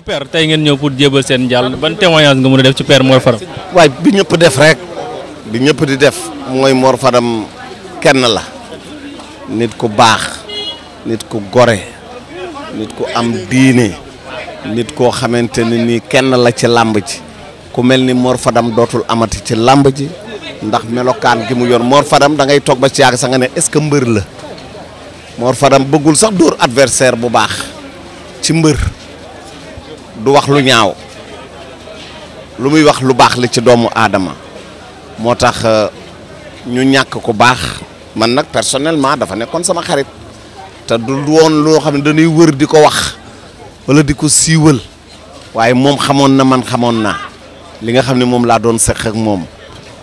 APR tey ngeen ñëw pour jébal seen jàll ban témoignage nga mën a def ci père Mor Fadam. waaye bi ñëpp def rek bi ñëpp di def mooy Mor faram kenn la nit ku baax nit ku gore nit ku am diine nit koo xamante ne kenn la ci làmb ji ku mel ni Mor faram dotul amati ci làmb ji ndax melokaan gi mu yor Mor faram da ngay toog ba ci yàgg sa nga ne est-ce que la Mor Fadam bëggul sax adversaire bu baax ci du wax lu ñaaw lu muy wax lu baax la ci doomu aadama moo tax euh, ñu ñàkk ko baax man nag personnellement dafa nekkoon sama xarit te du woon loo xam ne dañuy wër di ko wax wala di ko siiwal waaye moom xamoon na man xamoon naa li nga xam ne moom laa doon seq ak moom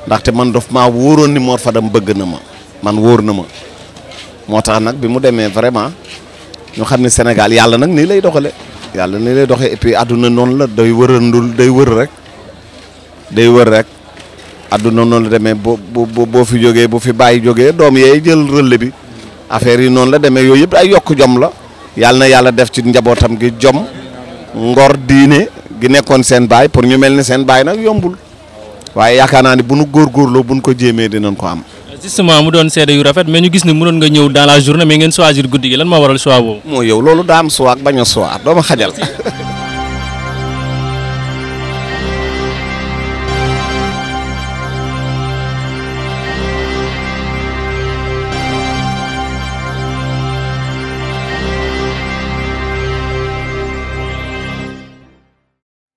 ndaxte man daf maa wóoroon ni Mor Fadam bëgg na ma man wóor na ma moo tax nag bi mu demee vraiment ñu xam ne Sénégal yàlla nag nii lay doxale yàlla ni lay doxe et puis àdduna noonu la day wërandul day wër rek day wër rek adduna noonu la demee boo boo fi jógee bu fi bàyyi jógee doom yeey jël relais bi affaire yi noonu la demee yooyu yëpp ay yokk jom la yàlla na yàlla def ci njabootam gi jom ngor diine gi nekkoon seen baay pour ñu mel ni seen baay nag yombul waaye yaakaar naa ni bu nu góorgóorloo bu nu ko jéemee dinañ ko am. justement mu doon seede yu rafet mais ñu gis ne mënoon nga ñëw dans la journée mais ngeen choisir guddi gi lan moo waral choix boobu. moo yow loolu daa am ak bañ a choix doo ma xajal.